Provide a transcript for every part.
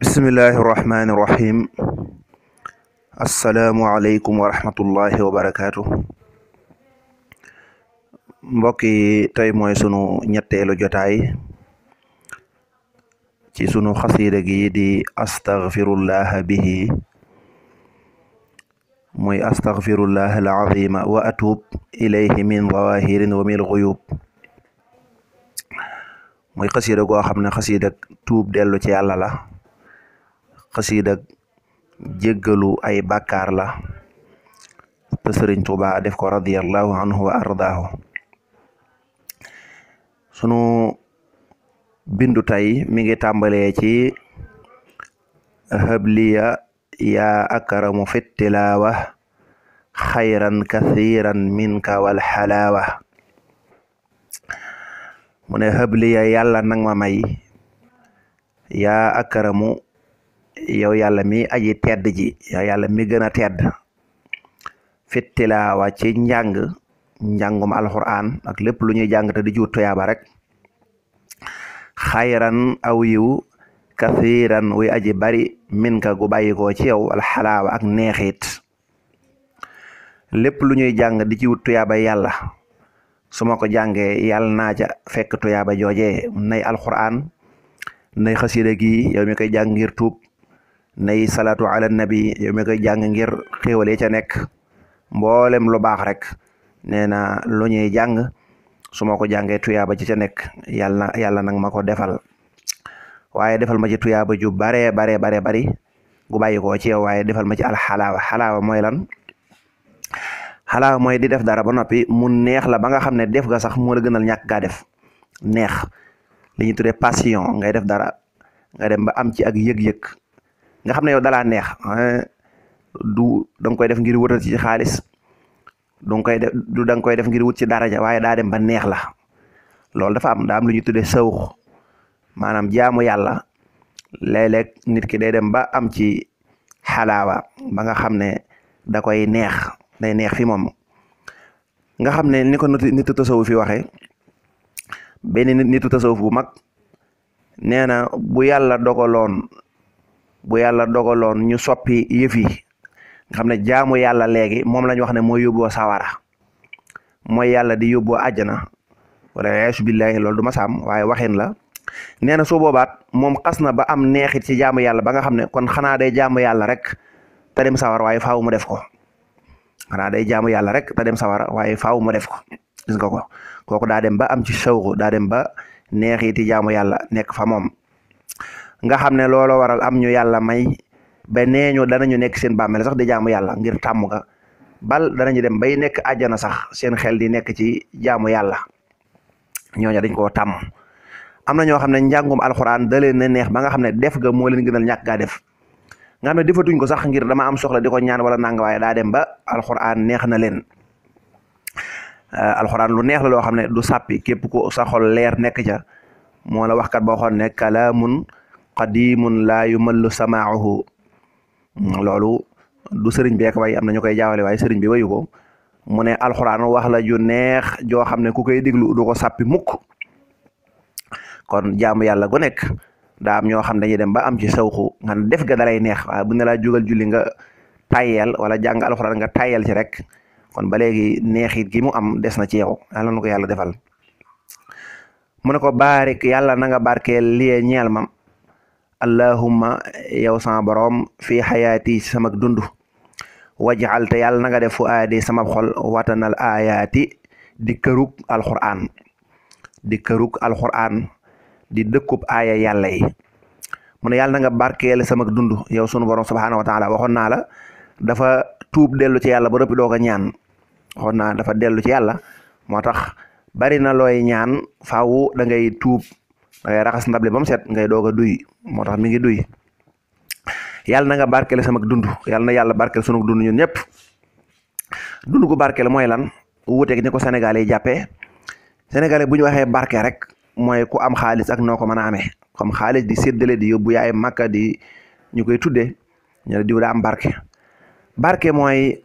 بسم الله الرحمن الرحيم السلام عليكم ورحمة الله وبركاته مبكي تاي موي سونو نياتيلو جوتاي تي سونو خصيده جي دي استغفر الله به موي استغفر الله العظيم واتوب اليه من ظواهر ومن الغيوب muy xasiida goo xam ne xasiida tuub dellu ci yàlla la xasiida ay bàkkaar la te sëriñ Tuuba def ko radiyallahu anhu wa ardaahu sunu bindu tay mi ngi tàmbalee ci habliya yaa akramu fit xayran kathiran minka wal xalaawa mu ne xëbliya yàlla nang ma may yaa akaramu yow yàlla mi aji tedd ji yow mi gën a tedd fittilaawa ci njàng njàngum alxuraan ak lépp lu ñuy jàng te di juut tuyaaba rek xayran aw yiw kathiran wuy bari min gu bàyyikoo ci yow alxalaawa ak neexit lépp lu ñuy jàng di ci wut tuyaaba yàlla su ma ko jàngee yàlla naa ca fekk tuyaaba joojee nay alquran nay xasida gi yow mi koy jàng ngir tuub nay salaatu ala nabi yow mi koy jàng ngir xéewal yi ca nekk mboolem lu baax rek nee na lu ñuy jàng su ko jàngee tuyaaba ci ca nekk yàlla na yàlla nag ma ko defal waaye defal ma ci tuyaaba ju bare bare bare bari gu bàyyi koo ci yow waaye defal ma ci alxalaawa xalaawa mooy lan xalaa mooy di def dara ba noppi mu neex la ba nga xam ne def nga sax moo la gënal ñàkk gaa def neex li ñuy tuddee passion ngay def dara nga dem ba am ci ak yëg-yëg nga xam ne yow dalaa neex du da koy def ngir wutal ci xaalis du nga du da koy def ngir wut ci daraja waaye daa dem ba neex la dafa am daa lu ñuy tuddee sawux maanaam jaamu yàlla léeg nit ki day dem ba am ci xalaawa ba nga xam ne da koy neex day neex fi moom nga xam ne ni ko nitu tasawuf fi waxee benn nitu tasawuf bu mag nee na bu yàlla dogaloon bu yàlla dogaloon ñu soppi yëf nga xam ne jaamu yàlla léegi moom la ñu wax ne mooy yóbboo sawara mooy yàlla di yóbboo àjjana wala yaasu billaahi loolu du ma saam waaye waxin la nee na su boobaat moom xas na ba am neexit ci jaamu yàlla ba nga xam ne kon xanaa day jaamu yàlla rek te dem sawar waaye faaw mu def ko xanaa day jaamu yàlla rek te dem sawara waaye faaw mu def ko gis nga ko kooku daa dem ba am ci sawru daa dem ba neexiti jaamu yàlla nekk fa moom nga xam ne looloo waral am ñu yàlla may ba nee ñu danañu nekk seen baam bàmmeel sax di jaamu yàlla ngir tàmm ga bal danañu dem bay nekk àjjana sax seen xel di nekk ci jaamu yàlla ñooñu dañ koo tàmm am na ñoo xam ne njàngum alxuraan da leen na neex ba nga xam ne def ga moo leen gënal ñàkk gaa def nga xam ne defatuñ ko sax ngir dama am soxla di ko ñaan wala nanga waaye daa dem ba alxuraan neex na leen euh, alxuraan lu neex la loo xam ne du sàppi képp ko sa xol leer nekk ca moo waxkat boo xoon ne kalaamun qadimun laa yumallu samaahu hmm, loolu du sëriñ beek way am na ñu koy jaawale waaye sëriñ bi wayu ko mu ne alxuraan waxla la ju neex joo xam ne ku koy déglu du ko sàppi mukk kon jaamu yàlla gu daa am ño xam dañuy dem ba am ci sawxu nga def ga dalay neex wa bu ne la jugal julli nga tayel wala jang alquran nga tayel ci rek kon ba legi neexit gi mu am desna na ci yow ala na ko defal mu ne ko barik yalla na nga barke li ñeal mam allahumma yow sama borom fii xayaati sama wajal te yàlla na nga def fu al sama xol watanal ayati di keruk alquran di keruk alquran di dekup aaya yàlla yi mu ne yàlla na nga barkeele sama dund yow sunu borom subhanahu wa taala waxoon naa la dafa tuub dellu ci yàlla ba rëppi do ko ñaan waxoon naa dafa dellu ci yàlla moo tax bari na looy ñaan faaw da ngay tuub da ngay raxas ndable ba mu set ngay doog a duy moo tax mi ngi duy yàlla na nga barkeele sama dund yàlla na yàlla barkeel sunu dund ñun ñëpp dund gu barkeel mooy lan wuuteeg ni ko Sénégalais yi jàppee Sénégalais bu ñu waxee barke rek. mooy ku am xaalis ak noo ko mën a amee comme xaalis di séddale di yóbbu yaay makka di ñu koy tuddee ñu ne diw daa am barke barke mooy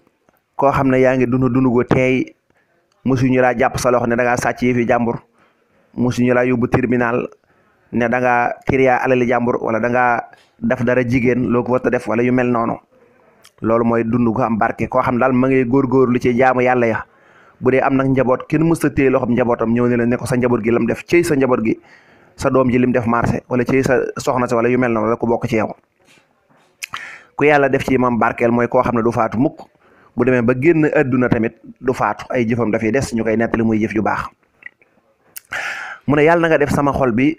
koo xam ne yaa ngi dund dund gu teey mosuñu laa jàpp sa loxo ne da ngaa sàcc yëfi jàmbur mosuñu laa yóbbu tribunal ne da ngaa tiriyaa alali jàmbur wala da ngaa def dara jigéen loo ko war a def wala yu mel noonu loolu mooy dund gu am barke koo xam daal ma ngay góorgóorlu ci jaamu yàlla ya bu dee am nag njaboot kenn mës a njabootam ñëw ne leen ne sa njaboot gi lam def cëy sa njaboot gi sa doom ji lim def marché wala cëy sa soxna sa wala yu mel na wala ku bokk ci yow ku yàlla def ci imam barkeel mooy koo xam ne du faatu mukk bu demee ba génn adduna tamit du faatu ay jëfam dafay des ñu koy nettali muy jëf ju baax mu ne yàlla na nga def sama xol bi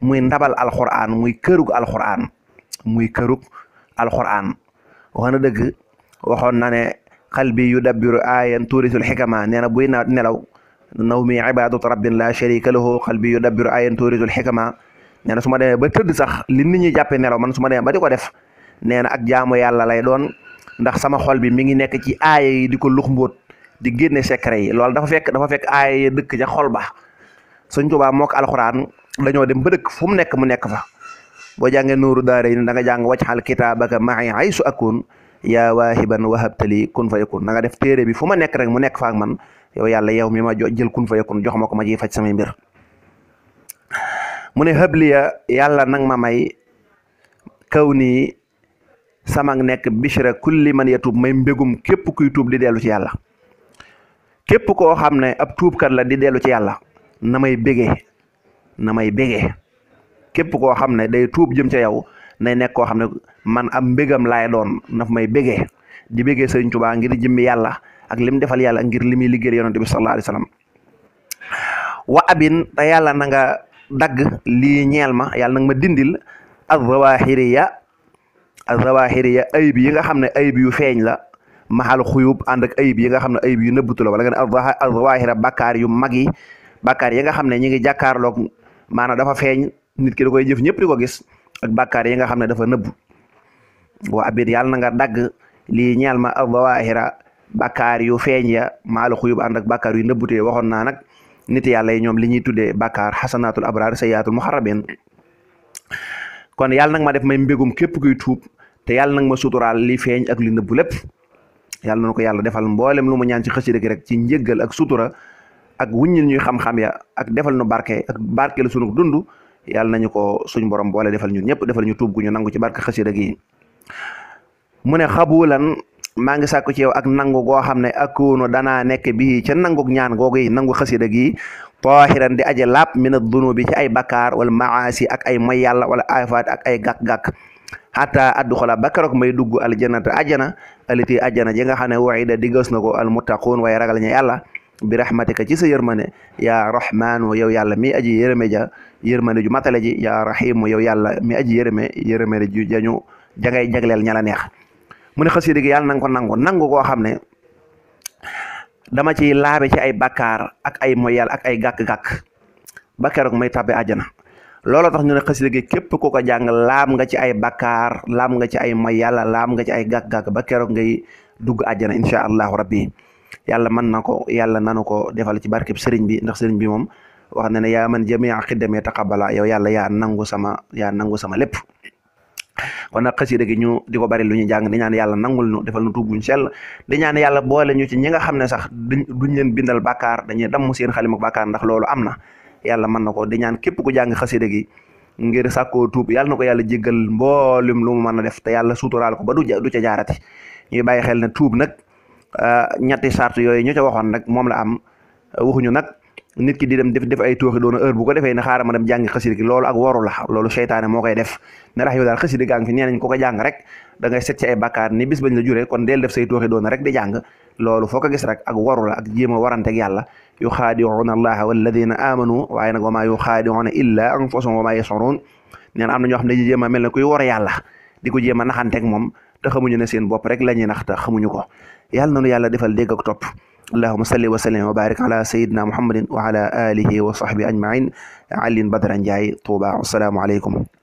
muy ndabal alxuraan muy kërug alxuraan muy kërug alxuraan wax na dëgg waxoon qalbi yudabbiru aayan tuurisul xikama nee na buy na nelaw naw mi ibadatu rabbin la sharika lahu qalbi yudabbiru aayan xikama nee na su ma demee ba tëdd sax li nit ñi jàppee nelaw man su ma demee ba di ko def nee na ak jaamu yàlla lay doon ndax sama xol bi mi ngi nekk ci aaya yi di ko lux mbóot di génne secret yi loolu dafa fekk dafa fekk aaya yi dëkk ca xol ba Sëñ Tuubaa moo ko alxuraan dañoo dem ba dëkk fu mu nekk mu nekk fa boo jàngee nooru daara yi da nga jàng wacc xal kitaabaka ma'i haysu akun yaa waahiban wahabtali kun fa yakun na nga def téere bi fu ma nekk rek mu nekk faak man yow yàlla yow mi ma jël kun fa yakun jox ma ko ma ciy faj samay mbir mu ne habliya yàlla nag ma may kaw ni sama nekk bishra kulli man yatub may mbégum képp kuy tuub di dellu ci yàlla képp koo xam ne ab tuubkat la di dellu ci yàlla na may bégee na may bégee képp koo xam ne day tuub jëm ca yow nay nekk koo xam ne man am mbégam laay doon na may bégee di bégee sëriñ Tuubaa ngir jëmmi yàlla ak lim defal yàlla ngir li muy liggéeyal yonent bi sallallahu alayhi wa abin te yàlla na nga dagg lii ñeel ma yàlla nanga ma dindil azawahiriya azawahiriya ayib yi nga xam ne ayib yu feeñ la maxal xuyub ànd ak ayib yi nga xam ne ayib yu nëbbutu la wala nga ne azawahira bakkaar yu mag yi bakkaar yi nga xam ne ñi ngi jàkkaarloog maanaam dafa feeñ nit ki da koy jëf ñëpp di gis ak bakar yi nga xamne ne dafa neub wa abid yal na nga dag li ñal ma adawahira bàkkaar yu feñ ya mal khuyub and ak bàkkaar yu neubute waxon na nak nit yalla yi ñoom li ñi tuddé bàkkaar hasanatul abrar sayyatul muharrabin kon yal nak ma def may mbegum kep kuy tuup te yal nak ma sutural li feñ ak li neub lepp yal nako yalla defal mbollem lu mu ñaan ci rek ci ak sutura ak wuññil ñuy xam-xam ya ak defal nu barké ak barké la sunu dundu yàlla nañu ko suñ borom boole defal ñun ñëpp defal ñu tuub ñu nangu ci barke xasida gi mu ne xabulan maa ngi sàkku ci ak nangu goo xam ne akoonu danaa nekk bii ca nangu ñaan googu yi nangu xasida gi taahiran di aje laab mina dunubi ci ay bakkaar wala maasi ak ay moy yàlla wala ay ayfaat ak ay gàkk-gàkk xataa addu xola ba keroog may dugg aljannata ajjana aliti ajjana ji nga xam ne waida diggas na ko almuttaquun waaye ragal ña yàlla bi rahmatika ci sa ya rahman wa yow yalla mi aji yërëme ja yermane ju matale ji ya rahim rahimu yow yalla mi aji yërëme yërëme ju jañu jangay jagleel ña la neex mune ne gi yalla nang ko nangu nangu koo xam ne dama ci laabe ci ay bakar ak ay moyal ak ay gak gak bakar ak may tàbbi aljana lolo tax ñu ne xasida gi kep ko ko jang laam nga ci ay bakar laam nga ci ay moyal laam nga ci ay gak gak bakar keroog ngay dug aljana incha rabbi yalla man na ko yàlla nanu ko defal ci barkeb sëriñ bi ndax sëriñ bi moom wax na ne yaa man jamia xiddamee taqabala yow yàlla yaa nangu sama yaa nangu sama lépp kon nag xasida gi ñu di ko bari lu ñu jàng di yàlla nangul ñu defal ñu tuub buñ sell di ñaan boole ñu ci ñi nga xam ne sax duñ leen bindal bàkkaar dañuy damm seen xalimak bàkkaar ndax loolu am na yàlla mën na ko di ñaan képp ku jàng xasida gi ngir sàkkoo tuub yàlla na ko yàlla jéggal mboolum lu mu mën a def te yàlla suuturaal ko ba du du ca jaarati xel ne tuub nag Euh, ñetti sart yooyu ñu ca waxoon nag moom la am euh, waxuñu nag nit ki di dem def def ay tooxi doona heure bu ko defee ne xaaral ma dem jàngi xasida gi loolu ak waru la moo koy def ne rax yow daal xasida gaa ngi fi ko ko jàng rek dangay ngay set ci ay bakkaar ni bis bañ la juree kon deel def say tooxi doona rek di jàng loolu foo ko gis rek ak waru la ak jéem a waranteeg yàlla yu xaadiuuna allaha walladina amanu waaye nag wa maa yu xaadiuuna illa anfusahum wa maa yash'uruun nee na am na ñoo xam ne jéem a mel ne koy war yàlla di ko a naxanteeg moom te xamuñu ne seen bopp rek la ñuy nax te xamuñu ko يال نونو يالا ديفال ديغ توب اللهم صل وسلم وبارك على سيدنا محمد وعلى اله وصحبه اجمعين علي بدر جاي طوبى والسلام عليكم